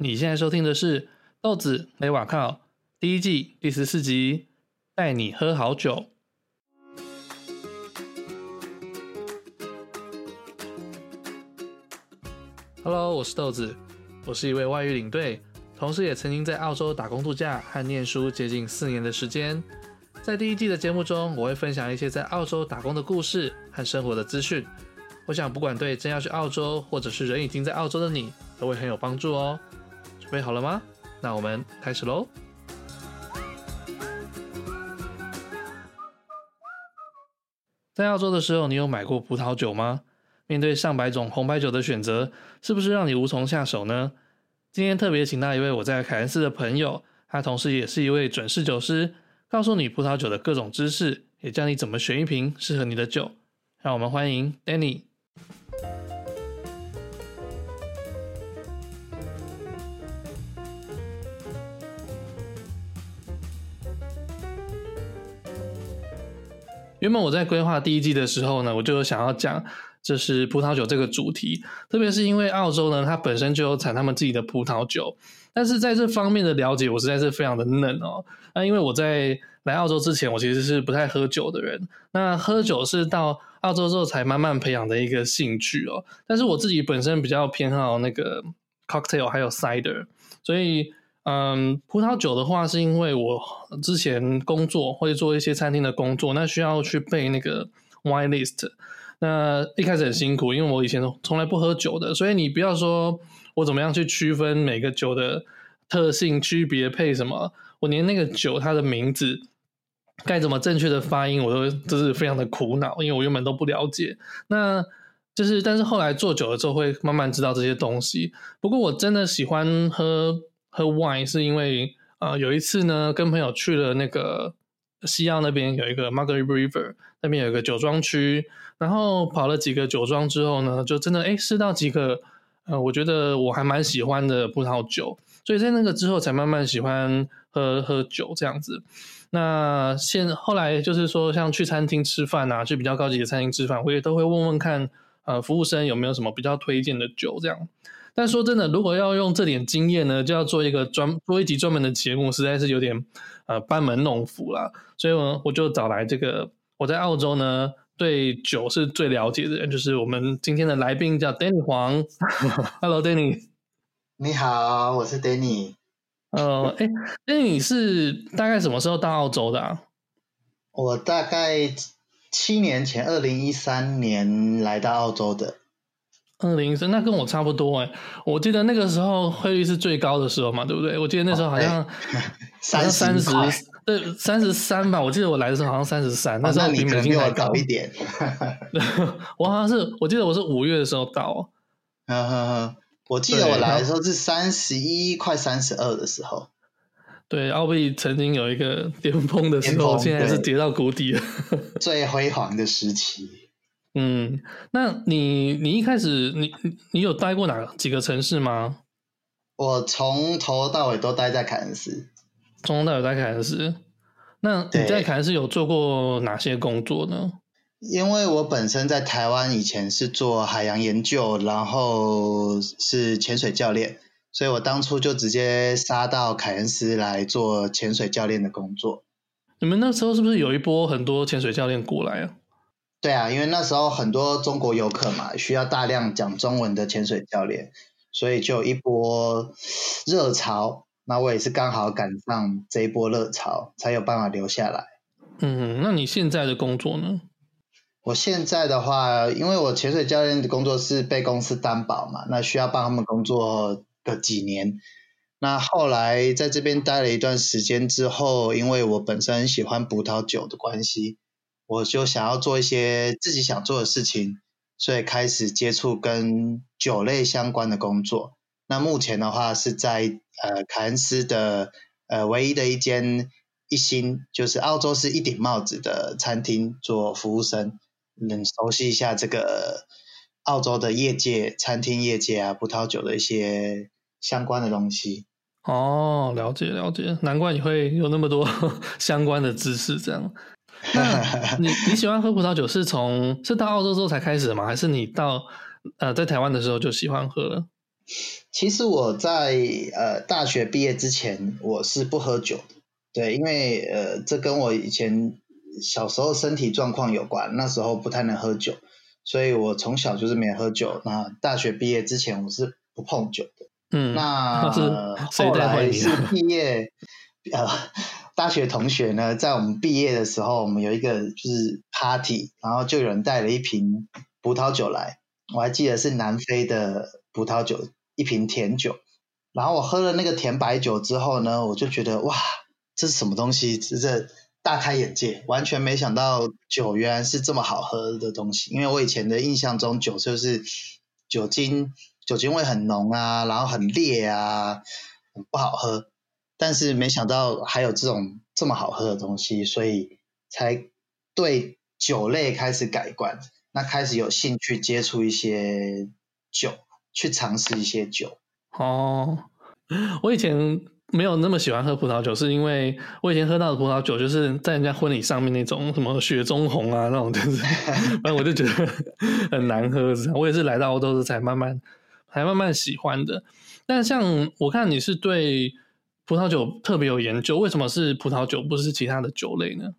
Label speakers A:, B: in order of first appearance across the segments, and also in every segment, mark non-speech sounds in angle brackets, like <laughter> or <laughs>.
A: 你現在收聽的是《豆子雷瓦靠》第一季第十四集，帶你喝好酒。Hello，我是豆子，我是一位外語領隊，同時也曾經在澳洲打工度假和念書接近四年的時間。在第一季的節目中，我會分享一些在澳洲打工的故事和生活的資訊。我想，不管對正要去澳洲，或者是人已經在澳洲的你，都會很有幫助哦。準備好了嗎？那我們開始嘍。在澳洲的時候，你有買過葡萄酒嗎？面對上百種紅白酒的選擇，是不是讓你無從下手呢？今天特別請到一位我在凱恩斯的朋友，他同時也是一位準侍酒師，告訴你葡萄酒的各種知識，也教你怎麼選一瓶適合你的酒。讓我們歡迎 Danny。原本我在規劃第一季的時候呢，我就想要講，就是葡萄酒這個主題，特別是因為澳洲呢，它本身就有產他們自己的葡萄酒，但是在這方面的了解，我實在是非常的嫩哦、喔。那、啊、因為我在來澳洲之前，我其實是不太喝酒的人，那喝酒是到澳洲之後才慢慢培養的一個興趣哦、喔。但是我自己本身比較偏好那個 cocktail 還有 c i d e r 所以。嗯，葡萄酒的話，是因為我之前工作會做一些餐廳的工作，那需要去背那個 wine list。那一開始很辛苦，因為我以前從來不喝酒的，所以你不要說我怎麼樣去區分每個酒的特性區別配什麼，我連那個酒它的名字該怎麼正確的發音，我都就是非常的苦惱，因為我原本都不了解。那就是，但是後來做久了之後，會慢慢知道這些東西。不過我真的喜歡喝。喝 wine 是因為，呃，有一次呢，跟朋友去了那個西澳那邊，有一個 Margaret River 那邊有一個酒莊區，然後跑了幾個酒莊之後呢，就真的誒試到幾個，呃，我覺得我還蠻喜歡的葡萄酒，所以在那個之後才慢慢喜歡喝喝酒這樣子。那現後來就是說，像去餐廳吃飯啊，去比較高級的餐廳吃飯，我也都會問問看，呃，服務生有沒有什麼比較推薦的酒這樣。但說真的，如果要用這點經驗呢，就要做一個專，做一集專門的節目，實在是有點呃班門弄斧了。所以，我我就找來這個，我在澳洲呢，對酒是最了解的人，就是我們今天的來賓叫 <laughs> Danny 黃。Hello，Danny。
B: 你好，我是 Danny。呃、欸，哎 <laughs> ，Danny 是大概什麼時候到澳洲的、啊？我大概七年前，二零一三年來到澳洲的。
A: 二零一三，那跟我差不多哎、欸，我記得那個時候匯率是最高的時候嘛，對不對？我記得那時候好像三、啊欸、三十三十三吧，我記得我來的時候好像三十三，那時候我比美金還高，啊、高一
B: 點。
A: <laughs> <laughs> 我好像是，我記得我是五月的時候到，呃、啊，我記得我來的時
B: 候是三十一，快三十二的時候。
A: 對，澳幣曾經有一個巔峰的時候，現在還是跌
B: 到谷底了， <laughs> 最輝煌的時期。
A: 嗯，那你你一開始你你有待過哪幾個城市嗎？
B: 我從頭到尾都待在凱恩斯，
A: 從頭到尾待凱恩斯。那你在凱恩斯有做過哪些工作呢？
B: 因為我本身在台灣以前是做海洋研究，然後是潛水教練，所以我當初就直接殺到凱恩斯來做潛水教練的工作。
A: 你們那時候是不是有一波很多潛水教練過來啊？
B: 對啊，因為那時候很多中國遊客嘛，需要大量講中文的潛水教練，所以就一波熱潮。那我也是剛好趕上這一波熱潮，才有辦法留下來。
A: 嗯，那你現在的工作呢？我
B: 現在的話，因為我潛水教練的工作是被公司擔保嘛，那需要幫他們工作個幾年。那後來在這邊待了一段時間之後，因為我本身很喜歡葡萄酒的關係。我就想要做一些自己想做的事情，所以開始接觸跟酒類相關的工作。那目前的話是在呃凱恩斯的呃唯一的一間一星，就是澳洲是一頂帽子的餐廳做服務生，能熟悉一下這個澳洲的業界、餐廳業界啊、葡萄酒的一些相關的東西。
A: 哦，了解了解，難怪你會有那麼多 <laughs> 相關的知識這樣。 <laughs> 你你喜歡喝葡萄酒是從是到澳洲之後才開始的嗎？還是你到呃在台灣的時候就喜歡喝了？
B: 其實我在呃大學畢業之前我是不喝酒的，對，因為呃這跟我以前小時候身體狀況有關，那時候不太能喝酒，所以我從小就是沒喝酒。那大學畢業之前我是不碰酒的。嗯，那後來是畢業 <laughs> 呃。大學同學呢，在我們畢業的時候，我們有一個就是 party，然後就有人帶了一瓶葡萄酒來，我還記得是南非的葡萄酒，一瓶甜酒。然後我喝了那個甜白酒之後呢，我就覺得哇，這是什麼東西？這這大開眼界，完全沒想到酒原來是這麼好喝的東西。因為我以前的印象中，酒就是酒精，酒精味很濃啊，然後很烈啊，不好喝。但是沒想到還有這種這麼好喝的東西，所以才對酒類開始改觀。那開始有興趣接觸一些酒，去嘗試一些酒。
A: 哦，我以前沒有那麼喜歡喝葡萄酒，是因為我以前喝到的葡萄酒就是在人家婚禮上面那種什麼雪中紅啊那種，就是，對不對 <laughs> 反正我就覺得很難喝。我也是來到歐洲才慢慢才慢慢喜歡的。但像我看你是對。葡萄酒特別有研究，為什麼是葡萄酒，不是其他的
B: 酒類呢？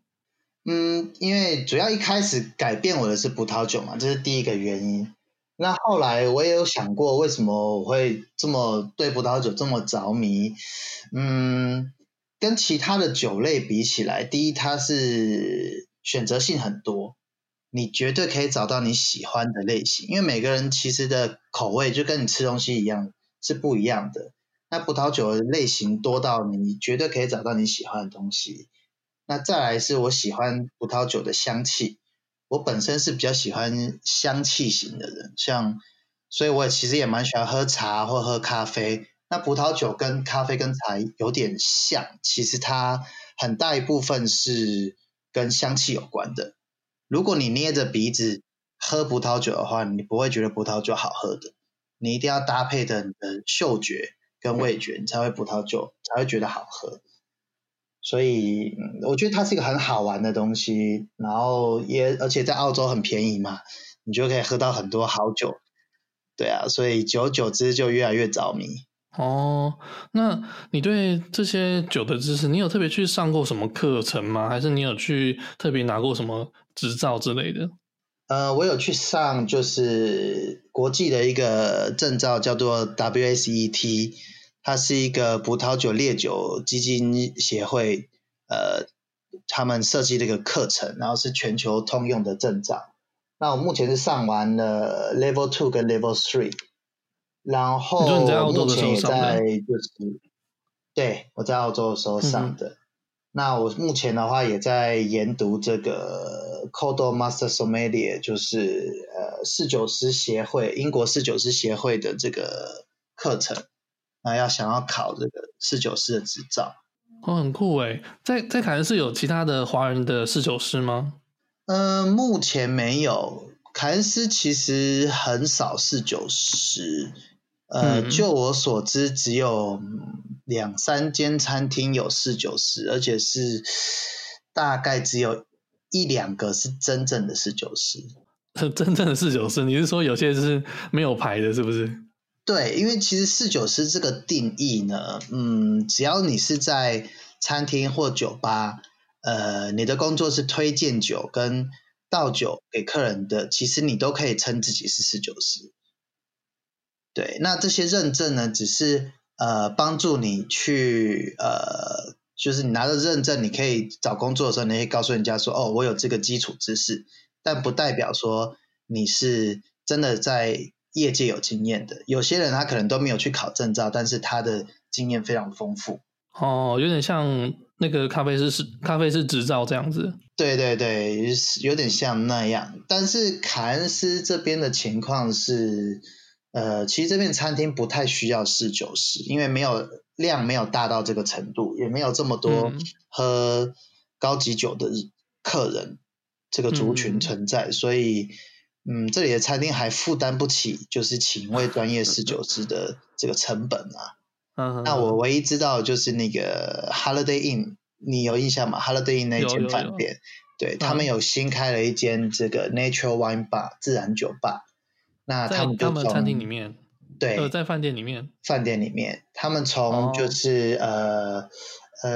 B: 嗯，因為主要一開始改變我的是葡萄酒嘛，這、就是第一個原因。那後來我也有想過，為什麼我會這麼對葡萄酒這麼着迷？嗯，跟其他的酒類比起來，第一它是選擇性很多，你絕對可以找到你喜歡的類型，因為每個人其實的口味就跟你吃東西一樣，是不一樣的。那葡萄酒的類型多到你絕對可以找到你喜歡的東西。那再來是我喜歡葡萄酒的香氣，我本身是比較喜歡香氣型的人，像，所以我也其實也蠻喜歡喝茶或喝咖啡。那葡萄酒跟咖啡跟茶有點像，其實它很大一部分是跟香氣有關的。如果你捏着鼻子喝葡萄酒的話，你不會覺得葡萄酒好喝的，你一定要搭配著你的嗅覺。跟味覺，你才會葡萄酒才會覺得好喝，所以我覺得它是一個很好玩的東西。然後也而且在澳洲很便宜嘛，你就可以喝到很多好酒。對啊，所以久而久之就越來越着迷
A: 哦，那你對這些酒的知識，你有特別去上過什麼課程嗎？還是你有去特別拿過什麼執照之類的？
B: 呃，我有去上，就是國際的一個證照，叫做 WSET，它是一個葡萄酒烈酒基金協會，呃，他們設計的一個課程，然後是全球通用的證照。那我目前是上完了 Level Two 跟 Level Three，然後目前也在、就是、對，我在澳洲的時候上的。嗯那我目前的話也在研讀這個 Court Master Sommelier，就是呃，侍酒師協會，英國侍酒師協會的這個課程，啊要想要考這個侍酒師的執照。
A: 哦，很酷哎，在在凱恩斯有其他的華人的侍酒師嗎？嗯、
B: 呃，目前沒有，凱恩斯其實很少侍酒師。呃，嗯，就我所知，只有兩三間餐廳有侍酒師，而且是大概只有一兩個是真正的侍酒師。
A: 真正的侍酒師，你是說有些是沒有牌的，是不是？
B: 對，因為其實侍酒師這個定義呢，嗯，只要你是在餐廳或酒吧，呃，你的工作是推薦酒跟倒酒給客人的，其實你都可以稱自己是侍酒師。對，那這些認證呢，只是呃幫助你去呃，就是你拿着認證，你可以找工作的時候，你可以告訴人家說，哦，我有這個基礎知識，但不代表說你是真的在業界有經驗的。有些人他可能都沒有去考證照，但是他的經驗非常豐富。
A: 哦，有點像那個咖啡師是咖啡師
B: 執照這樣子。對對對，有點像那樣。但是凱恩斯這邊的情況是。呃，其實這邊餐廳不太需要侍酒師，因為沒有量沒有大到這個程度，也沒有這麼多喝高級酒的客人這個族群存在，嗯、所以，嗯，這裡的餐廳還負擔不起就是請一位專業侍酒師的這個成本啊。嗯， <laughs> 那我唯一知道的就是那個 Holiday Inn，你有印象嗎？Holiday Inn 那間飯店，有有有對、嗯、他們有新開了一間這個 Nature Wine Bar 自然酒吧。那他們，在他們餐廳裡面，對，呃、
A: 在飯店裡面，
B: 飯店裡面，他們從就是、哦、呃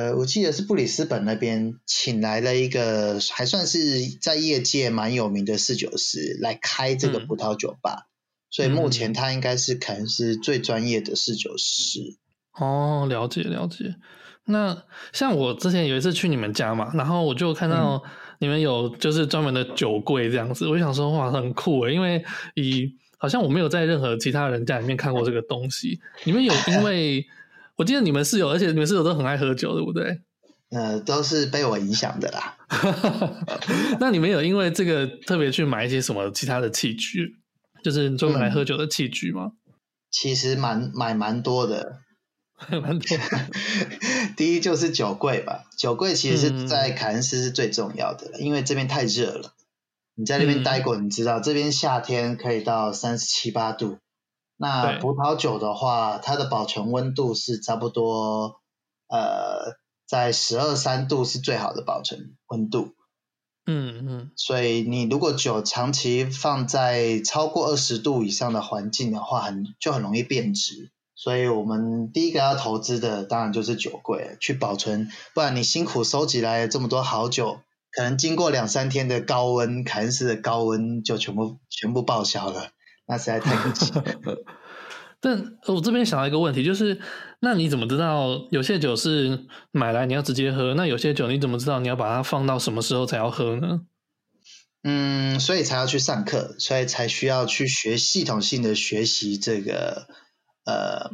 B: 呃，我記得是布里斯本那邊請來了一個還算是在業界蠻有名的侍酒師來開這個葡萄酒吧，嗯、所以目前他應該是、嗯、可能是最專業的侍酒師。
A: 哦，了解了解。那像我之前有一次去你們家嘛，然後我就看到、嗯、你們有就是專門的酒櫃這樣子，我就想說哇，很酷哎，因為以好像我沒有在任何其他人家裡面看過這個東西。你們有因為， <laughs> 我記得你們室友，而且你們室友都很愛喝酒，對不對？
B: 呃，都是被我影響的啦。
A: <laughs> <laughs> 那你們有因為這個特別去買一些什麼其他的器具，
B: 就是專門來喝酒的器具嗎？嗯，其實蠻買蠻多的，蠻多。第一就是酒櫃吧，酒櫃其實，在凱恩斯是最重要的，因為這邊太熱了。你在那邊待過，你知道、嗯、這邊夏天可以到三十七八度。那葡萄酒的話，對它的保存溫度是差不多，呃，在十二三度是最好的保存溫度。嗯嗯。嗯，所以你如果酒長期放在超過二十度以上的環境的話，很就很容易變質。所以我們第一個要投資的當然就是酒櫃去保存，不然你辛苦收集來這麼多好酒。可能經過兩三天的高溫，凱恩斯的高溫就全部全部報銷了，那實在太可惜了。 <laughs>
A: 但我這邊想到一個問題，就是那你怎麼知道有些酒是買來你要直接喝？那有些酒你怎麼知道你要把它放到什麼時候才要喝呢？嗯，
B: 所以才要去上課，所以才需要去學系統性的學習這個呃。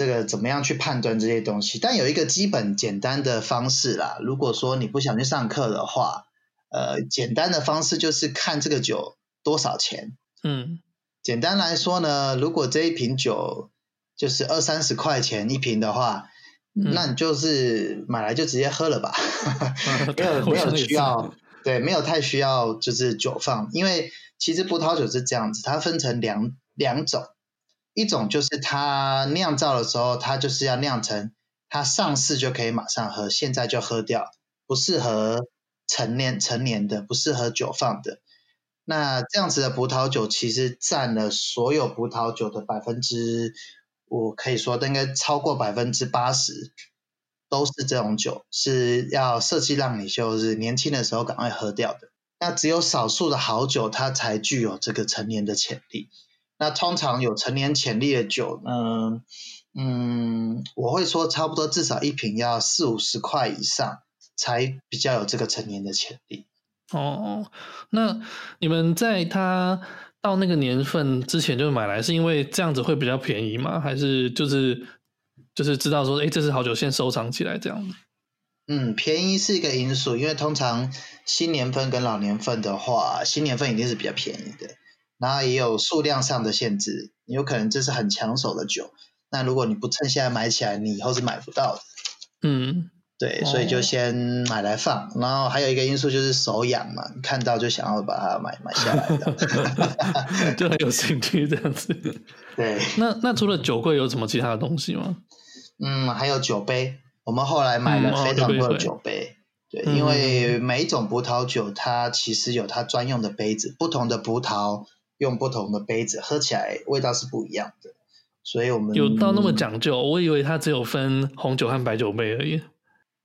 B: 這個怎麼樣去判斷這些東西？但有一個基本簡單的方式啦。如果說你不想去上課的話，呃，簡單的方式就是看這個酒多少錢。嗯，簡單來說呢，如果這一瓶酒就是二三十塊錢一瓶的話，嗯、那你就是買來就直接喝了吧，沒有、嗯、 <laughs> 沒有需要，對， <laughs> 沒有太需要就是酒放，因為其實葡萄酒是這樣子，它分成兩兩種。一種就是它釀造的時候，它就是要釀成它上市就可以馬上喝，現在就喝掉，不適合陳年陳年的，不適合久放的。那這樣子的葡萄酒其實占了所有葡萄酒的百分之，我可以說的應該超過百分之八十都是這種酒，是要設計讓你就是年輕的時候趕快喝掉的。那只有少數的好酒，它才具有這個陳年的潛力。那通常有成年潛力的酒，嗯嗯，我會說差不多至少一瓶要四五十塊以上，才比較有這個成年的潛力。哦，
A: 那你們在他到那個年份之前就買來，是因為這樣子會比較便宜嗎？還是就是就是知道說，哎，這是好久，先收藏起來這樣子？
B: 嗯，便宜是一個因素，因為通常新年份跟老年份的話，新年份一定是比較便宜的。然後也有數量上的限制，有可能這是很搶手的酒。那如果你不趁現在買起來，你以後是買不到的。嗯，對，所以就先買來放。哦、然後還有一個因素就是手癢嘛，看到就想要把它買買下
A: 來的， <laughs> 就很有興趣這樣子。 <laughs> 對。 <laughs> 那那除了酒櫃，有什麼其他的東西
B: 嗎？嗯，還有酒杯，我們後來買了非常多的酒杯，嗯哦、對，對，對，因為每一種葡萄酒它其實有它專用的杯子，嗯、不同的葡萄，用不同的杯子喝起來味道是不一樣的，所以我們有到那麼講究。我以為它只有
A: 分紅酒和白酒杯而已。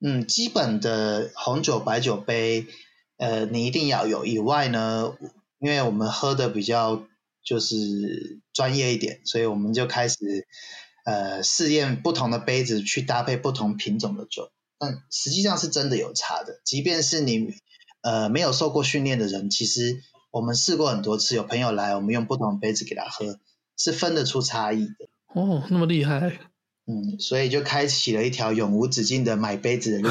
B: 嗯，基本的紅酒、白酒杯，呃，你一定要有。以外呢，因為我們喝的比較就是專業一點，所以我們就開始呃試驗不同的杯子去搭配不同品種的酒。但實際上是真的有差的，即便是你呃沒有受過訓練的人，其實。我們試過很多次，有朋友來，我們用不同杯子給他喝，是分得出差異的。哦，那麼厲害。嗯，所以就開啟了一條永無止境的買杯子的路。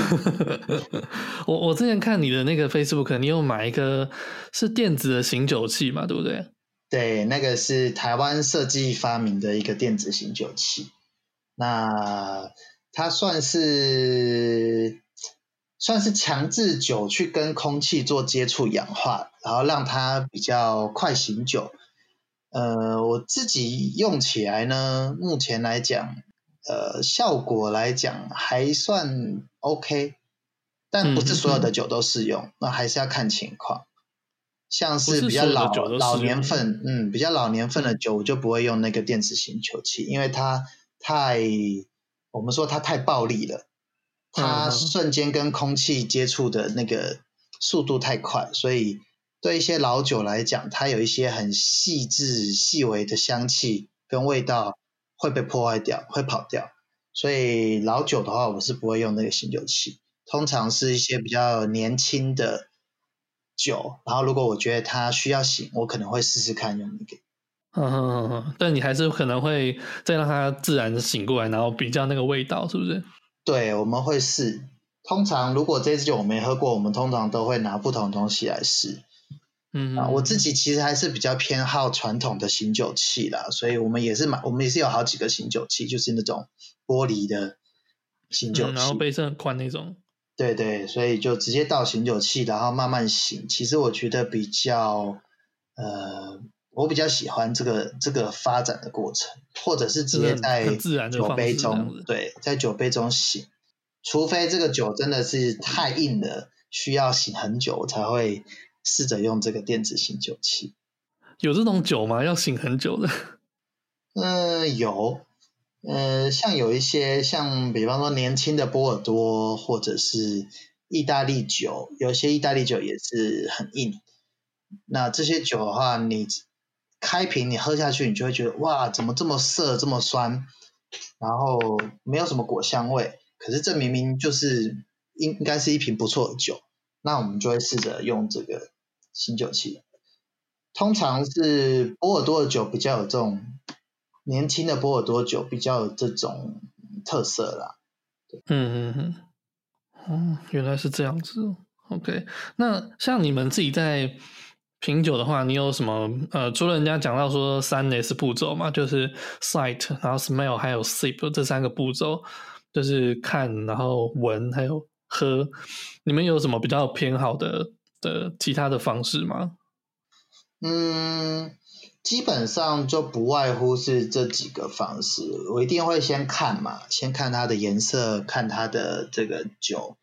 B: <laughs>
A: 我我之前看你的那個 Facebook，你有買一個是電子的醒酒器嘛？對不對？
B: 對，那個是台灣設計發明的一個電子醒酒器。那它算是。算是強制酒去跟空氣做接觸氧化，然後讓它比較快醒酒。呃，我自己用起來呢，目前來講，呃，效果來講還算 OK，
A: 但不是所有的
B: 酒都適用，嗯嗯，那還是要看情況。像是比較老老年份，嗯，比較老年份的酒，我就不會用那個電子醒酒器，因為它太，我們說它太暴力了。它瞬間跟空氣接觸的那個速度太快，嗯哼。所以對一些老酒來講，它有一些很細緻、細微的香氣跟味道會被破壞掉，會跑掉。所以老酒的話，我是不會用那個醒酒器。通常是一些比較年輕的酒，然後如果我覺得它需要醒，我可能會試試看用那個。嗯，嗯，
A: 但你還是可能會再讓它自然醒過來，
B: 然後比較那個味道，是不是？對，我們會試。通常如果這支酒我沒喝過，我們通常都會拿不同東西來試。
A: 嗯、啊，我
B: 自己其實還是比較偏好傳統的醒酒器啦。所以我們也是買，我們也是有好幾個醒酒器，就是那種玻璃的醒酒器，嗯、然後
A: 杯身很寬那種。
B: 對對，所以就直接倒醒酒器，然後慢慢醒。其實我覺得比較，呃。我比較喜歡這個這個發展的過程，或者是直接在酒杯中，對，在酒杯中醒。除非這個酒真的是太硬了，需要醒很久才會試着用這個電子醒酒器。有
A: 這種酒嗎？要醒很久的？
B: 嗯，有。呃，像有一些像，比方說年輕的波爾多，或者是意大利酒，有些意大利酒也是很硬。那這些酒的話，你。開瓶，你喝下去，你就會覺得哇，怎麼這麼澀，這麼酸，然後沒有什麼果香味。可是這明明就是應該是一瓶不錯的酒，那我們就會試着用這個醒酒器。通常是波爾多的酒比較有這種年輕的波爾多酒比較有這種特色啦。嗯嗯嗯，
A: 哦、嗯，原來是這樣子。OK，那像你們自己在。品酒的話，你有什麼？呃，除了人家講到說三 S 步驟嘛，就是 sight，然後 smell，還有 sip 這三個步驟，就是看，然後聞，還有喝。你們有什麼比較偏好的的其他的方式嗎？
B: 嗯，基本上就不外乎是這幾個方式。我一定會先看嘛，先看它的顏色，看它的這個酒。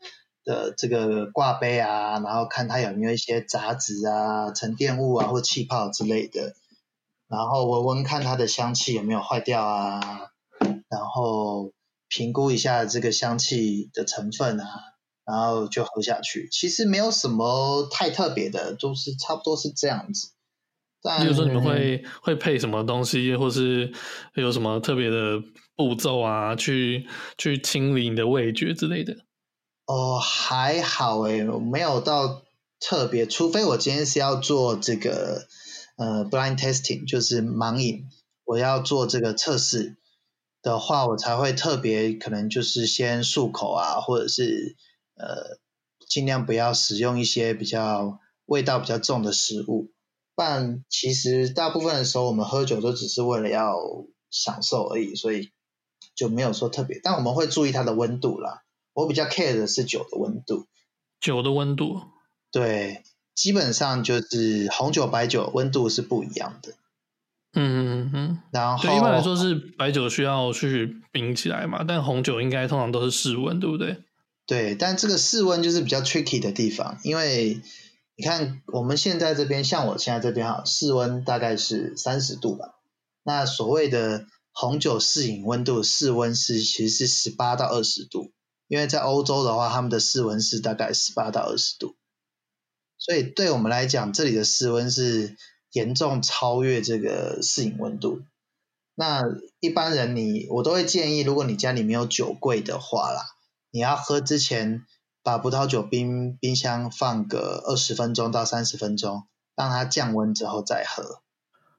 B: 的這個掛杯啊，然後看它有沒有一些雜質啊、沉澱物啊或氣泡之類的，然後聞聞看它的香氣有沒有壞掉啊，然後評估一下這個香氣的成分啊，然後就喝下去。其實沒有什麼太特別的，都是差不多是這樣子。但比如說你們會
A: 會配什麼東西，或是有什麼特別的步驟啊，去去清理你的味覺之類的？
B: 哦，oh, 還好誒，沒有到特別，除非我今天是要做這個呃 blind testing，就是盲飲，我要做這個測試的話，我才會特別可能就是先漱口啊，或者是呃儘量不要使用一些比較味道比較重的食物，不然其實大部分的時候我們喝酒都只是為了要享受而已，所以就沒有說特別，但我們會注意它的溫度啦。我比較 care 的是酒的溫度，酒的溫度，對，基本上就是紅酒、白酒溫度是不一樣的。嗯嗯嗯，嗯然後一般來說
A: 是白酒需要去冰起來嘛，但紅酒應該通常都是室溫，對不對？對，但這個室溫就是比較 tricky 的
B: 地方，因為你看我們現在這邊，像我現在這邊哈，室溫大概是三十度吧。那所謂的紅酒適飲溫度，室溫是其實是十八到二十度。因為在歐洲的話，他們的室溫是大概十八到二十度，所以對我們來講，這裡的室溫是嚴重超越這個適飲溫度。那一般人你，你我都會建議，如果你家裡沒有酒櫃的話啦，你要喝之前把葡萄酒冰冰箱放個二十分鐘到三十分鐘，讓它降溫之後再喝。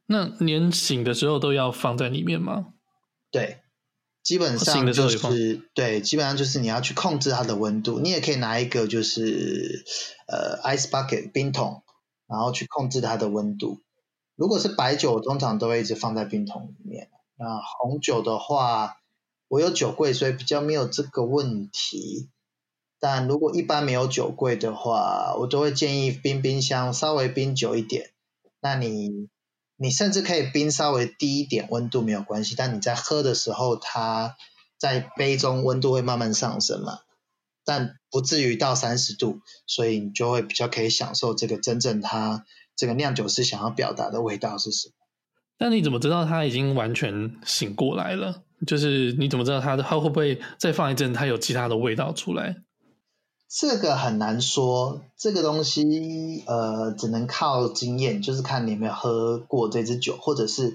A: 那連醒的時候都要放在裡面嗎？
B: 對。基本上就是對，基本上就是你要去控制它的溫度，你也可以拿一個就是呃 ice bucket 冰桶，然後去控制它的溫度。如果是白酒，我通常都會一直放在冰桶裡面。那紅酒的話，我有酒櫃，所以比較沒有這個問題。但如果一般沒有酒櫃的話，我都會建議冰冰箱稍微冰久一點。那你？你甚至可以冰稍微低一點溫度沒有關係，但你在喝的時候，它在杯中溫度會慢慢上升嘛，但不至於到三十度，所以你就會比較可以享受這個真正它這個釀酒師想要表達的味道是什
A: 麼。那你怎麼知道它已經完全醒過來了？就是你怎麼知道它它會不會再放一陣，它有其他的味道出來？
B: 這個很難說，這個東西呃，只能靠經驗，就是看你有沒有喝過這支酒，或者是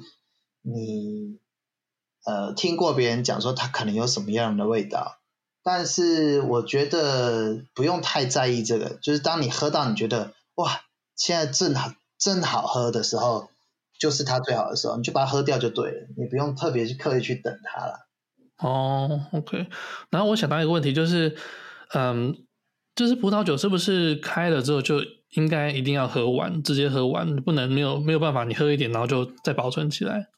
B: 你呃聽過別人講說它可能有什麼樣的味道。但是我覺得不用太在意這個，就是當你喝到你覺得哇，現在正好正好喝的時候，就是它最好的時候，你就把它喝掉就對了，你不用特別去刻意去等它
A: 了。哦，OK，然後我想到一個問題就是，嗯。就是葡萄酒是不是開了之後就應該一定要喝完，直接喝完，不能沒有沒有辦法，你喝一點然後就再保存起來？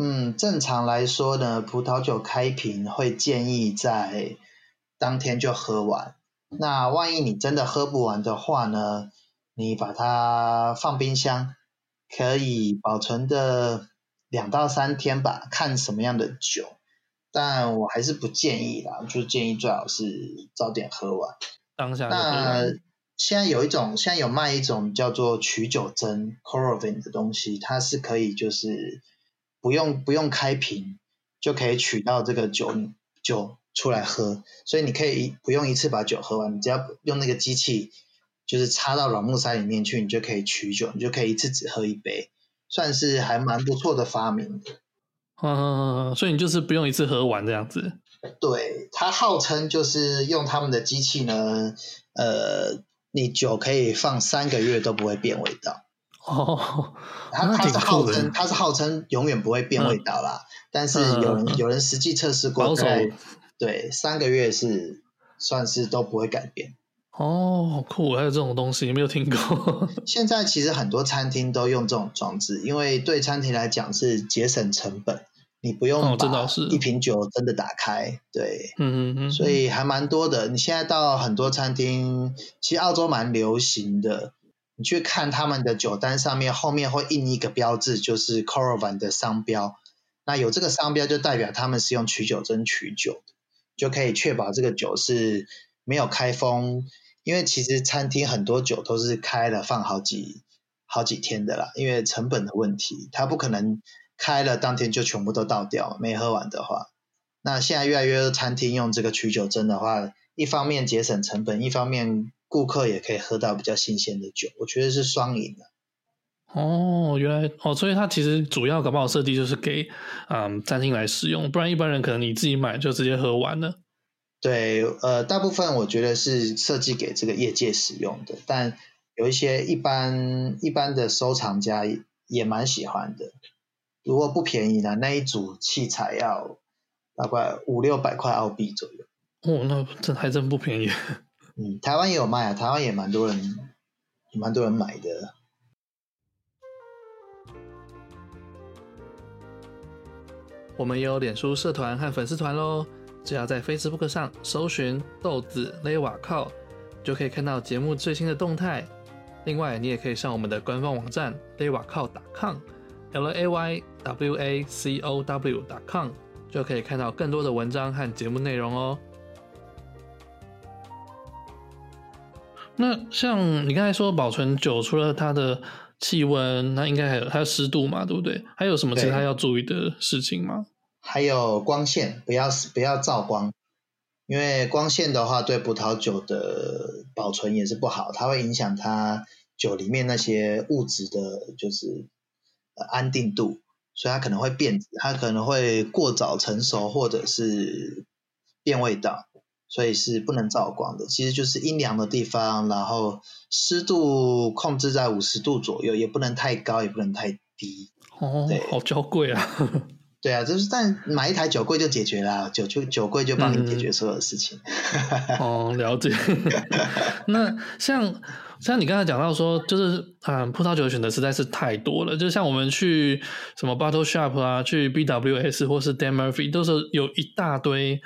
B: 嗯，正常來說呢，葡萄酒開瓶會建議在當天就喝完。那萬一你真的喝不完的話呢，你把它放冰箱，可以保存的兩到三天吧，看什麼樣的酒。但我還是不建議啦，就建議最好是早點喝完。當下那現在有一種，現在有賣一種叫做取酒針 （Coravin）、嗯、的東西，它是可以就是不用不用開瓶就可以取到這個酒酒出來喝，所以你可以一不用一次把酒喝完，你只要用那個機器就是插到軟木塞裡面去，你就可以取酒，你就可以一次只喝一杯，算是還蠻不錯的發明的。
A: 嗯，所以你就是不用一次喝完這樣
B: 子。對，它號稱就是用他們的機器呢，呃，你酒可以放三個月都不會變味道。哦，它，那挺酷的。它是號稱它是號稱永遠不會變味道啦，嗯、但是有人、嗯、有人實際測試過，在對三個月是算是都不會改變。哦，好酷，還有這種東西，有沒有聽過？ <laughs> 現在其實很多餐廳都用這種裝置，因為對餐廳來講是節省成本。你不用是一瓶酒真的打開，哦、對，嗯嗯嗯，嗯所以還蠻多的。你現在到很多餐廳，其實澳洲蠻流行的。你去看他們的酒單上面，後面會印一個標誌，就是 Coravin 的商標。那有這個商標，就代表他們是用取酒針取酒，就可以確保這個酒是沒有開封。因為其實餐廳很多酒都是開了放好幾好幾天的啦，因為成本的問題，它不可能。開了當天就全部都倒掉，沒喝完的話，那現在越來越多餐廳用這個取酒針的話，一方面節省成本，一方面顧客也可以喝到比較新鮮的酒，我覺得是雙贏的。
A: 哦，原來哦，所以它其實主要搞不好設計就是給，嗯，餐廳來使用，不然一般人可能你自己買
B: 就直接喝完了。對，呃，大部分我覺得是設計給這個業界使用的，但有一些一般一般的收藏家也，也蠻喜歡的。如果不便宜呢？那一組器材要大概五六百塊澳幣左右。哦，那這還真不便宜。嗯，台灣也有賣啊，台灣也蠻多人，蠻多人買的。
A: <noise> 我們也有臉書社團和粉絲團嘍，只要在 Facebook 上搜尋豆子勒瓦靠，就可以看到節目最新的動態。另外，你也可以上我們的官方網站勒瓦靠打康。L A Y W A C O W dot com 就可以看到更多的文章和節目內容哦。那像你剛才說保存酒，除了它的氣溫，那應該還有它的濕
B: 度嘛，對不對？還有什麼其他要注意的事情嗎？還有光線，不要不要照光，因為光線的話對葡萄酒的保存也是不好，它會影響它酒裡面那些物質的，就是。安定度，所以它可能會變，它可能會過早成熟或者是變味道，所以是不能照光的。其實就是陰涼的地方，然後濕度控制在五十度左右，也不能太高，也不能太低。哦，對好嬌貴啊。 <laughs> 對啊，就是但買一台酒櫃就解決了，酒，酒櫃就酒櫃就幫你解決所有的事情。哦、嗯嗯，了解。
A: <laughs> 那像像你剛才講到說，就是啊、嗯，葡萄酒選的選擇實在是太多了。就像我們去什麼 Bottle Shop 啊，去 BWS 或是 Dan Murphy，都是有一大堆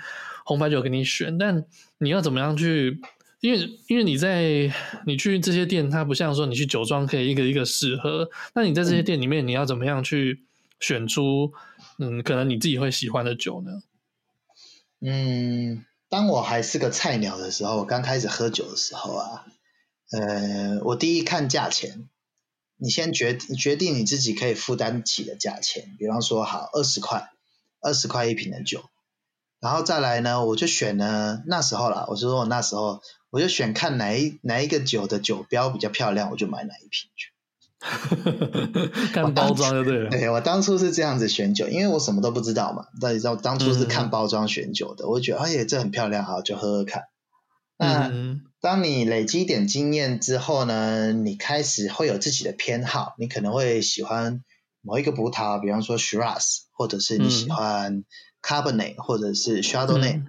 A: 紅白酒給你選。但你要怎麼樣去？因為因為你在你去這些店，它不像說你去酒莊可以一個一個試喝。那你在這些店裡面，你要怎麼樣去選出、嗯？嗯，可能你自己會喜歡的酒呢？嗯，
B: 當我還是個菜鳥的時候，我剛開始喝酒的時候啊，呃，我第一看價錢，你先決你決定你自己可以負擔起的價錢，比方說好二十塊，二十塊一瓶的酒，然後再來呢，我就選呢那時候啦，我就說，我那時候我就選看哪一哪一個酒的酒標比較漂亮，我就買哪一瓶去。 <laughs> 看包裝就對了。對，我當初是這樣子選酒，因為我什麼都不知道嘛。到底當初是看包裝選酒的，嗯、我覺得哎呀、欸，這很漂亮，好，就喝喝看。那、嗯、當你累積一點經驗之後呢，你開始會有自己的偏好，你可能會喜歡某一個葡萄，比方說 Shiraz，或者是你喜歡 Cabernet、嗯、或者是 Chardonnay，、嗯、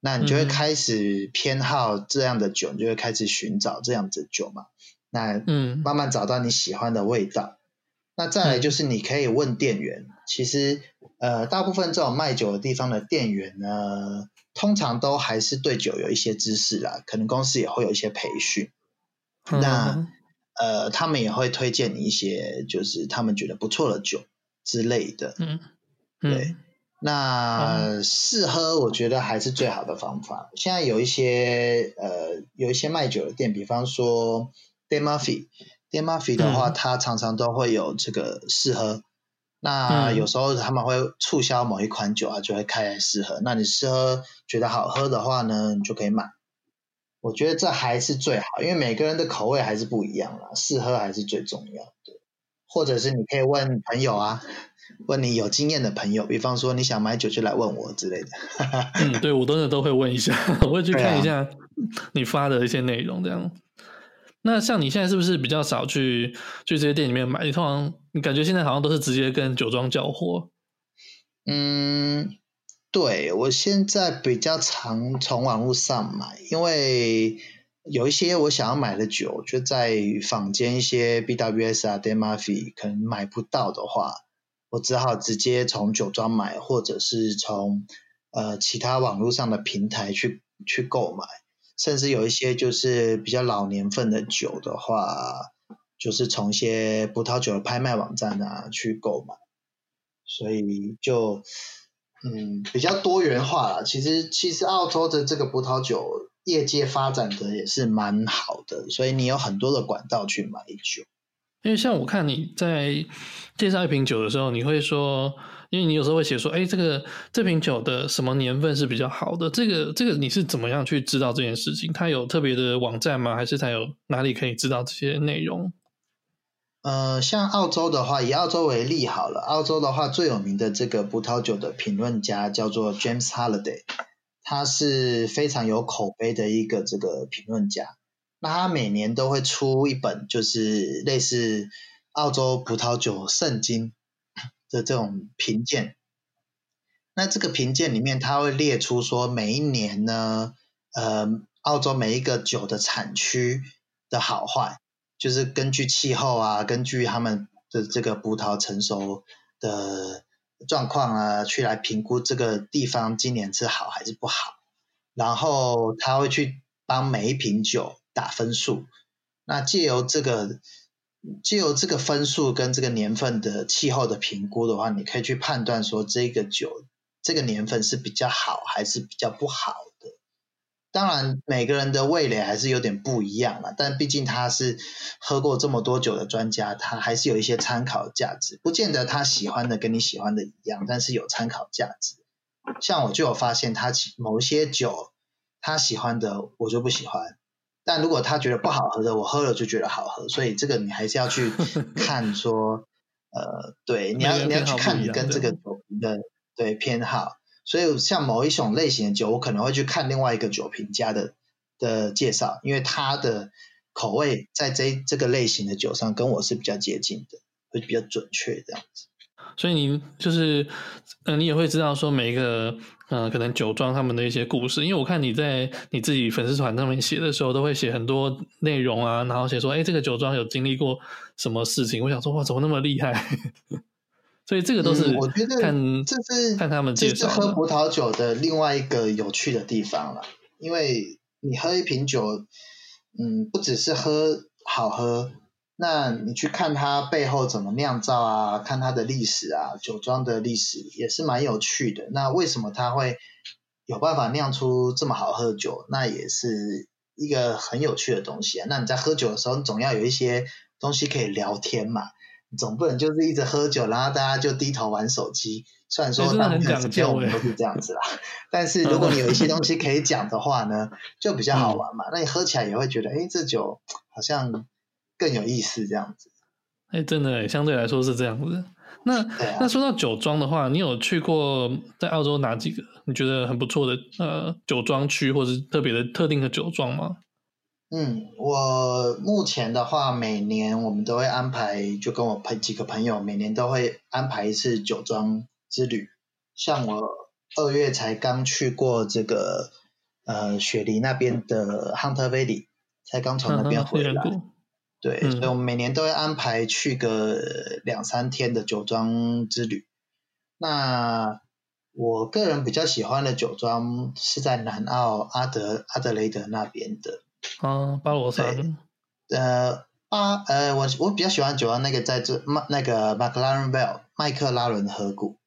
B: 那你就會開始偏好這樣的酒，你就會開始尋找這樣子的酒嘛。那嗯，慢慢找到你喜歡的味道。嗯、那再來就是你可以問店員，嗯、其實呃，大部分這種賣酒的地方的店員呢，通常都還是對酒有一些知識啦，可能公司也會有一些培訓。嗯、那呃，他們也會推薦你一些就是他們覺得不錯的酒之類的。嗯，嗯對。那試喝我覺得還是最好的方法。嗯、現在有一些呃，有一些賣酒的店，比方說。Dan Murphy's Dan Murphy's 的話，他、嗯、常常都會有這個試喝。嗯、那有時候他們會促銷某一款酒啊，就會開來試喝。那你試喝覺得好喝的話呢，你就可以買。我覺得這還是最好，因為每個人的口味還是不一樣啦，試喝還是最重要。對，或者是你可以問朋友啊，問你有經驗的朋友，比方說你想買酒就來問我之類的。
A: <laughs> 嗯，對我真的都會問一下，我會去看一下、啊、你發的一些內容這樣。那像你現在是不是比較少去去這些店裡面買？你通常你感覺現在好像都是直接跟酒莊交貨。
B: 嗯，對，我現在比較常從網絡上買，因為有一些我想要買的酒就在坊間，一些 BWS 啊、Dan Murphy 可能買不到的話，我只好直接從酒莊買，或者是從呃其他網絡上的平台去去購買。甚至有一些就是比較老年份的酒的話，就是從一些葡萄酒的拍賣網站啊去購買，所以就，嗯，比較多元化啦。其實，其實其實澳洲的這個葡萄酒業界發展的也是蠻好的，所以你有很多的管道去買酒。
A: 因為像我看你在介紹一瓶酒的時候，你會說，因為你有時候會寫說，哎，這個這瓶酒的什麼年份是比較好的？這個這個你是怎麼樣去知道這件事情？它有特別的網站嗎？還是它有哪裡可以知道這些內容？
B: 呃，像澳洲的話，以澳洲為例好了，澳洲的話最有名的這個葡萄酒的評論家叫做 James Halliday，他是非常有口碑的一個這個評論家。那他每年都會出一本，就是類似澳洲葡萄酒聖經。的這種評鑑，那這個評鑑裡面，他會列出說每一年呢，呃，澳洲每一個酒的產區的好壞，就是根據氣候啊，根據他們的這個葡萄成熟的狀況啊，去來評估這個地方今年是好還是不好，然後他會去幫每一瓶酒打分數，那借由這個。就這個分數跟這個年份的氣候的評估的話，你可以去判斷說這個酒這個年份是比較好還是比較不好的。當然，每個人的味蕾還是有點不一樣了，但畢竟他是喝過這麼多酒的專家，他還是有一些參考價值。不見得他喜歡的跟你喜歡的一樣，但是有參考價值。像我就有發現，他某些酒他喜歡的，我就不喜歡。但如果他覺得不好喝的，我喝了就覺得好喝，所以這個你還是要去看說， <laughs> 呃，對，你要你要去看你跟這個酒瓶的對偏好，所以像某一種類型的酒，我可能會去看另外一個酒評家的的介紹，因為他的口味在這這個類型的酒上跟我是比較接近的，會比較準確這樣子。
A: 所以你就是，呃，你也會知道說每一個，呃，可能酒莊他們的一些故事，因為我看你在你自己粉絲團上面寫的時候，都會寫很多內容啊，然後寫說，哎、欸，這個酒莊有經歷過什麼事情？我想說，哇，怎麼那麼厲害？ <laughs> 所
B: 以這個都是看、嗯、我覺
A: 得這是看
B: 他們這是喝葡萄酒的另外一個有趣的地方了，因為你喝一瓶酒，嗯，不只是喝好喝。那你去看它背後怎麼釀造啊？看它的歷史啊，酒莊的歷史也是蠻有趣的。那為什麼它會有辦法釀出這麼好喝的酒？那也是一個很有趣的東西啊。那你在喝酒的時候，你總要有一些東西可以聊天嘛，你總不能就是一直喝酒，然後大家就低頭玩手機。雖然說大部分時間我們都是這樣子啦，但是如果你有一些東西可以講的話呢，就比較好玩嘛。那你喝起來也會覺得，哎、欸，這酒好像。更有意思這
A: 樣子，哎、欸，真的，相對來說是這樣子。那、啊、那說到酒莊的話，你有去過在澳洲哪幾個你覺得很不錯的呃酒莊區，或是特別的特定的酒莊嗎？嗯，
B: 我目前的話，每年我們都會安排，就跟我朋幾個朋友，每年都會安排一次酒莊之旅。像我二月才剛去過這個呃雪梨那邊的 Hunter Valley，才剛從那邊回來。Uh huh, yeah, 對，所以我們每年都會安排去個兩三天的酒莊之旅。那我個人比較喜歡的酒莊是在南澳阿德阿德雷德那邊的，嗯、啊，巴羅薩的巴呃、啊、呃，我我比較喜歡酒莊那個在這麥那個 McLaren Vale，麥克拉倫河谷，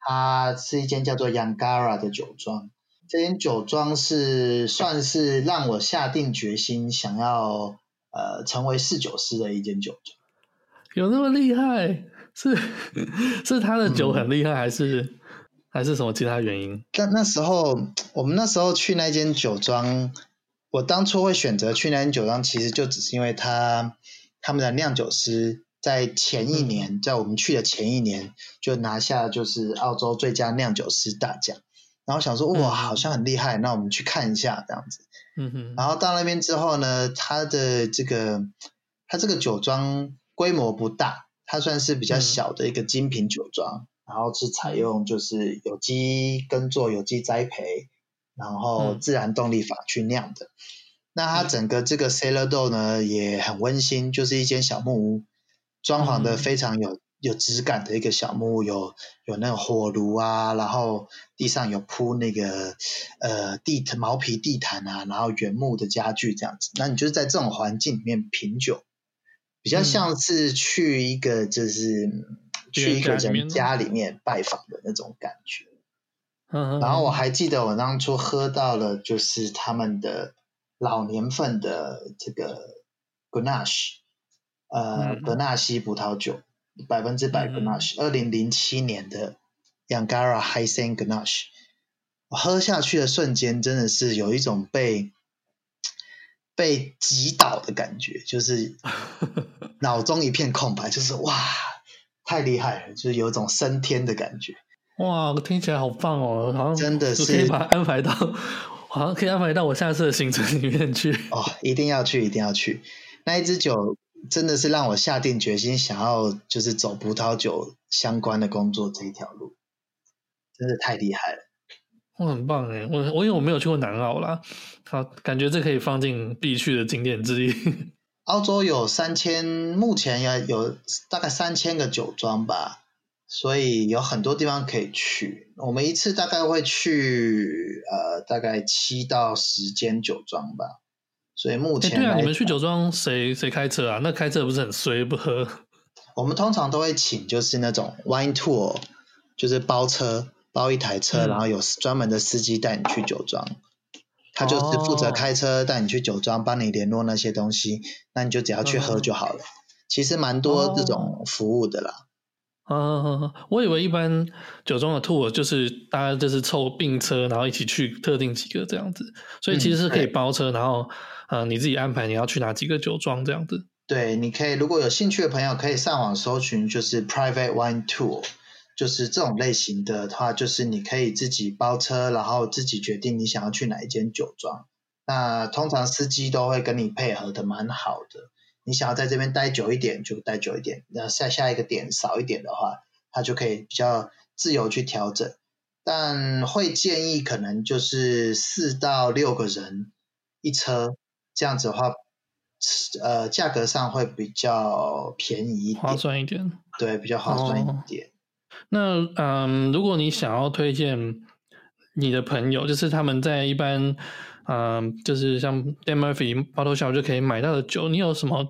B: 它是一間叫做 Yangarra 的酒莊。這間酒莊是算是讓我下定決心想要。呃，成為侍酒師的一間酒
A: 莊，有那麼厲害？是
B: 是他的酒很厲害，還是、嗯、還是什麼其他原因？但那時候，我們那時候去那間酒莊，我當初會選擇去那間酒莊，其實就只是因為他他們的釀酒師在前一年，嗯、在我們去的前一年就拿下就是澳洲最佳釀酒師大獎。然後想說哇、哦，好像很厲害，嗯、那我們去看一下這樣子。嗯哼。然後到那邊之後呢，它的這個它這個酒莊規模不大，它算是比較小的一個精品酒莊。嗯、然後是採用就是有機耕作、有機栽培，然後自然動力法去釀的。嗯、那它整個這個 cellar door 呢，也很溫馨，就是一間小木屋，裝潢的非常有。有質感的一個小木屋，有有那個火爐啊，然後地上有鋪那個呃地毯、毛皮地毯啊，然後原木的家具這樣子。那你就是在這種環境裡面品酒，比較像是去一個就是、嗯、去一個人家裡面，家裡面拜訪的那種感覺。嗯嗯、然後我還記得我當初喝到了就是他們的老年份的這個 GUNASH 呃，來德納西葡萄酒。百分之百干拿什，二零零七年的 Yangarra High Sang 干拿什，我喝下去的瞬間真的是有一種被被擊倒的感覺，就是腦中一片空白，就是哇，太厲害了，就是有一種升天的感覺。
A: 哇，我聽起來好棒哦，好像真的是可以
B: 安排到，好
A: 像可以安排到我下次的行程裡面去。哦，
B: 一定要去，一定要去，那一支酒。真的是讓我下定決心想要就是走葡萄酒相關的工作這一條路，真的太厲害了。
A: 我很棒哎，我我因為我沒有去過南澳啦，好，感覺這可以放進必去的景點之
B: 一。 <laughs> 澳洲有三千，目前也有，有大概三千個酒莊吧，所以有很多地方可以去。我們一次大概會去呃大概七到十間酒莊吧。所以目前，欸、對啊，你們
A: 去酒莊誰誰開車啊？那開車不是很衰不喝？
B: 我們通常都會請就是那種 wine tour，就是包車包一台車，對啦，然後有專門的司機帶你去酒莊，他就是負責開車帶你去酒莊，幫、oh. 你聯絡那些東西，那你就只要去喝就好了。Uh huh. 其實蠻多這種服務的啦。Uh
A: huh. 我以為一般酒莊的 tour 就是大家就是湊拼車，然後一起去特定幾個這樣子，所以其實是可以包車，嗯、然後。呃、嗯，你自己安排你要去哪幾個酒莊這樣子？
B: 對，你可以如果有興趣的朋友，可以上網搜尋，就是 Private Wine Tour，就是這種類型的話，就是你可以自己包車，然後自己決定你想要去哪一間酒莊。那通常司機都會跟你配合的蠻好的。你想要在這邊待久一點就待久一點，那下下一個點少一點的話，他就可以比較自由去調整。但會建議可能就是四到六個人一車。這樣子的話，呃，價格上會比較便宜一點，划算一點。對，比較划算一點。
A: 哦、那嗯，如果你想要推薦你的朋友，就是他們在一般，嗯，就是像 Dan Murphy、Bottle Shop 就可以買到的酒，你有什麼？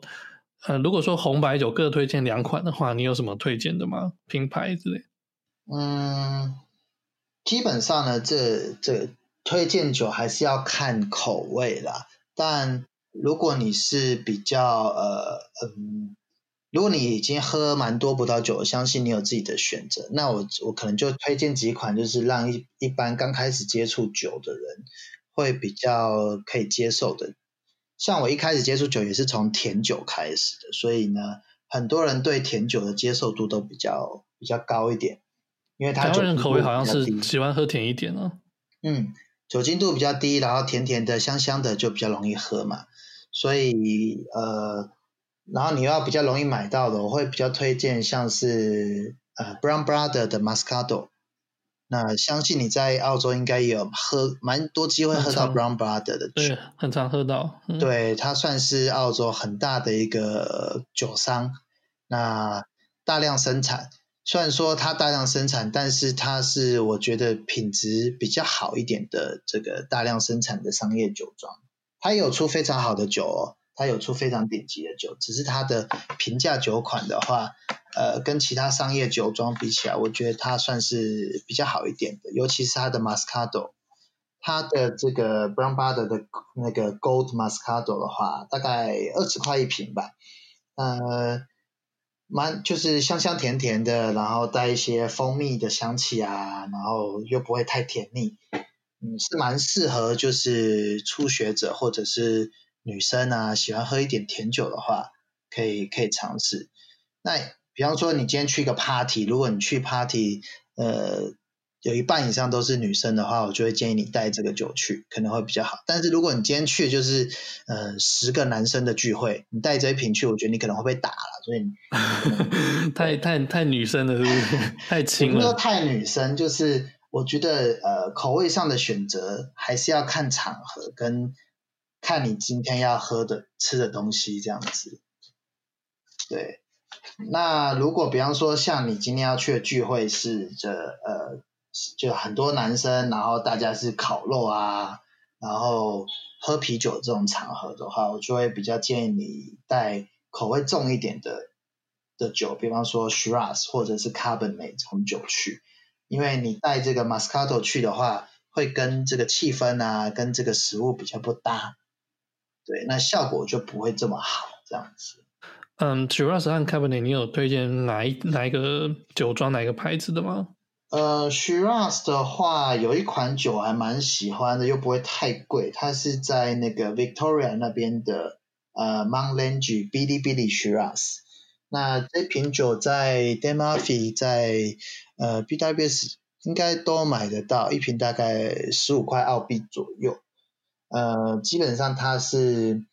A: 呃，如果說紅白酒各推薦兩款的話，你有什麼推薦的嗎？品牌之類？嗯，
B: 基本上呢，這這推薦酒還是要看口味啦。但如果你是比較呃、嗯，如果你已經喝蠻多葡萄酒，我相信你有自己的選擇。那我我可能就推薦幾款，就是讓一一般剛開始接觸酒的人會比較可以接受的。像我一開始接觸酒也是從甜酒開始的，所以呢，很多人對甜酒的接受度都比較比較高一點，因為他就口味好像是喜歡喝甜一點呢、啊。嗯。酒精度比較低，然後甜甜的、香香的就比較容易喝嘛。所以呃，然後你要比較容易買到的，我會比較推薦像是呃 Brown Brother 的 Moscato。那相信你在澳洲應該有喝蠻多機會喝到 Brown Brother 的酒，很常，對，很常喝到，嗯。對，它算是澳洲很大的一個酒商，那大量生產。雖然說它大量生產，但是它是我覺得品質比較好一點的這個大量生產的商業酒莊，它有出非常好的酒哦，它有出非常頂級的酒，只是它的平價酒款的話，呃，跟其他商業酒莊比起來，我覺得它算是比較好一點的，尤其是它的 Moscato，它的這個 Brown Brothers 的那個 Gold Moscato 的話，大概二十塊一瓶吧，呃。蠻就是香香甜甜的，然後帶一些蜂蜜的香氣啊，然後又不會太甜膩，嗯，是蠻適合就是初學者或者是女生啊，喜歡喝一點甜酒的話，可以可以嘗試。那比方說你今天去一個 party，如果你去 party，呃。有一半以上都是女生的話，我就會建議你帶這個酒去，可能會比較好。但是如果你今天去就是呃十個男生的聚會，你帶這一瓶去，我覺得你可能會被打了。所以你 <laughs> 太太太女生了，是不是？ <laughs> 太輕了。太女生，就是我覺得呃口味上的選擇還是要看場合跟看你今天要喝的吃的東西這樣子。對。那如果比方說像你今天要去的聚會是這呃。就很多男生，然後大家是烤肉啊，然後喝啤酒這種場合的話，我就會比較建議你帶口味重一點的的酒，比方說 Shiraz 或者是 Cabernet 這種酒去，因為你帶這個 Moscato 去的話，會跟這個氣氛啊，跟這個食物比較不搭，對，那效果就不會這麼好。這樣子，嗯
A: ，um, Shiraz 和 Cabernet，你有推薦哪一哪一個酒莊、哪一個牌子的嗎？
B: 呃，Shiraz 的話，有一款酒還蠻喜歡的，又不會太貴。它是在那個 Victoria 那邊的呃，Mount Langi Billi Billi Shiraz。那這瓶酒在 Dan Murphy 在呃，BWS 應該都買得到，一瓶大概十五塊澳幣左右。呃，基本上它是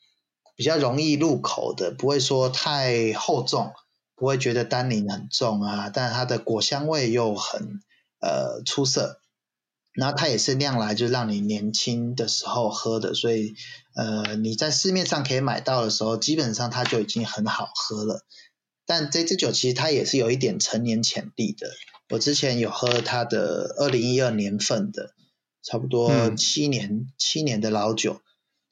B: 比較容易入口的，不會說太厚重，不會覺得單寧很重啊，但它的果香味又很。呃，出色，然後它也是釀來就讓你年輕的時候喝的，所以呃，你在市面上可以買到的時候，基本上它就已經很好喝了。但這支酒其實它也是有一點陳年潛力的。我之前有喝它的二零一二年份的，差不多七年、嗯、七年的老酒，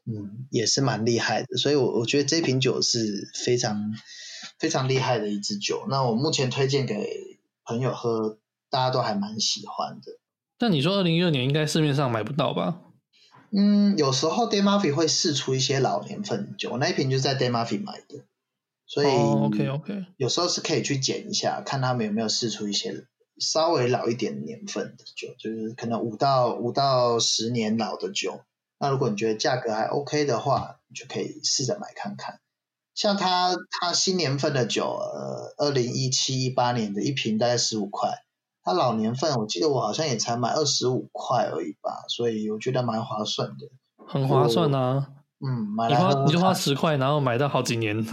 B: 嗯，也是蠻厲害的。所以，我我覺得這瓶酒是非常非常厲害的一支酒。那我目前推薦給朋友喝。大家都還蠻喜歡的。
A: 但你說二零一二年應該市面上買不到吧？
B: 嗯，有時候 Dan Murphy 會釋出一些老年份的酒，我那一瓶就在 Dan Murphy 買的，所以，哦，OK OK，有時候是可以去撿一下，看他們有沒有釋出一些稍微老一點年份的酒，就是可能五到五到十年老的酒。那如果你覺得價格還 OK 的話，你就可以試着買看看。像他他新年份的酒，二零一七一八年的一瓶大概十五塊。他老年份，我記得我好像也才買二十五塊而已吧，所以我覺得蠻划算的，很划算啊！嗯，買了，你就花
A: 十塊，然後買到好幾年。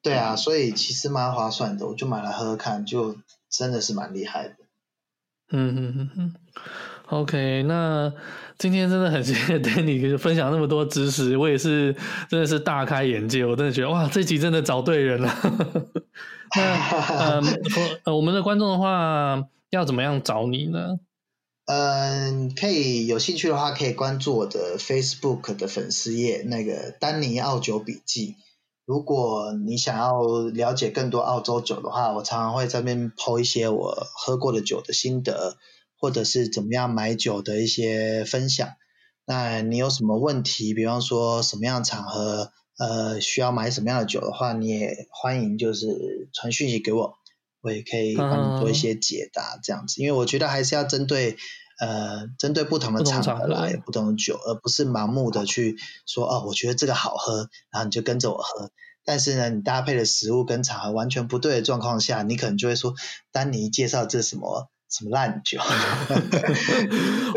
B: 對啊，所以其實蠻划算的，我就買來喝喝看，就真的是蠻厲害的。嗯
A: 嗯嗯嗯。OK，那今天真的很謝謝 Danny 你分享那麼多知識，我也是真的是大開眼界，我真的覺得哇，這集真的找對人了。 <laughs> 那、嗯、 <laughs> 我，我們的觀眾的話，要怎麼樣找你呢？
B: 嗯，可以有興趣的話，可以關注我的 Facebook 的粉絲頁，那個“丹尼澳酒筆記”。如果你想要了解更多澳洲酒的話，我常常會在那邊拋一些我喝過的酒的心得，或者是怎麼樣買酒的一些分享。那你有什麼問題？比方說，什麼樣場合？呃，需要買什麼樣的酒的話，你也歡迎，就是傳訊息給我，我也可以幫你做一些解答這樣子。啊、因為我覺得還是要針對，呃，針對不同的場合來不同的酒，不同場，對，而不是盲目的去說哦，我覺得這個好喝，然後你就跟着我喝。但是呢，你搭配的食物跟茶完全不對的狀況下，你可能就會說，丹尼介紹這什麼什麼爛酒，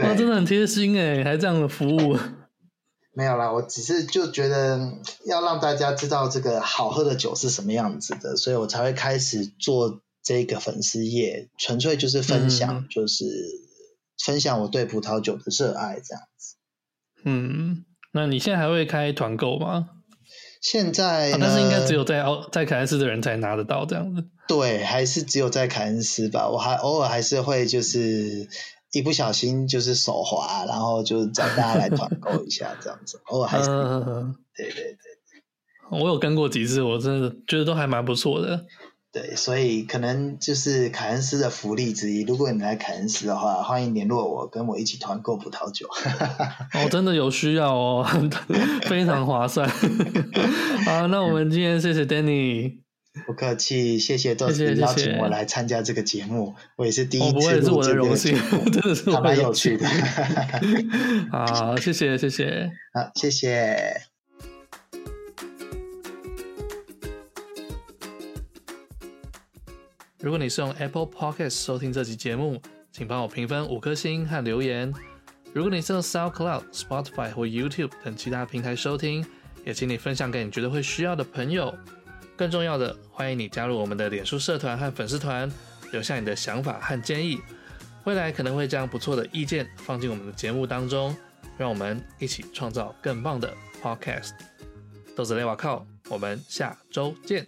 A: 哇，真的很貼心哎，
B: 還這樣的服務。沒有啦，我只是就覺得要讓大家知道這個好喝的酒是什麼樣子的，所以我才會開始做這個粉絲頁，純粹就是分享，就是分享我對葡萄酒的熱愛這樣
A: 子。嗯，那你現在還會開團購嗎？
B: 現在、啊，但是應該只
A: 有在澳在凱恩斯的人才拿得到這樣子。
B: 對，還是只有在凱恩斯吧。我還偶爾還是會就是。一不小心就是手滑，然後就叫大家來團購一下 <laughs> 這樣子。哦，還
A: 是對對對，對對，我有跟過幾次，我真的覺得都還蠻不錯的。
B: 對，所以可能就是凱恩斯的福利之一。如果你來凱恩斯的話，歡迎聯絡我，跟我一起團購葡萄酒。
A: 我、 <laughs> 哦，、真的有需要哦，非常划算。啊， <laughs>
B: 那我們今天謝謝 Danny。不客氣，謝謝豆子邀請我來參加這個節目，我也是第一次。我、哦、不也是我的榮幸，真的，真的是的蠻有趣的。 <laughs> 好， <laughs> 謝謝，謝謝，好，謝謝。謝謝。
A: 如果你是用 Apple Podcast 收聽這集節目，請幫我評分五顆星和留言。如果你是用 SoundCloud、Spotify 或 YouTube 等其他平台收聽，也請你分享給你覺得會需要的朋友。更重要的，歡迎你加入我們的臉書社團和粉絲團，留下你的想法和建議。未來可能會將不錯的意見放進我們的節目當中，讓我們一起創造更棒的 Podcast。豆子 Laywacow，我
B: 們下周見。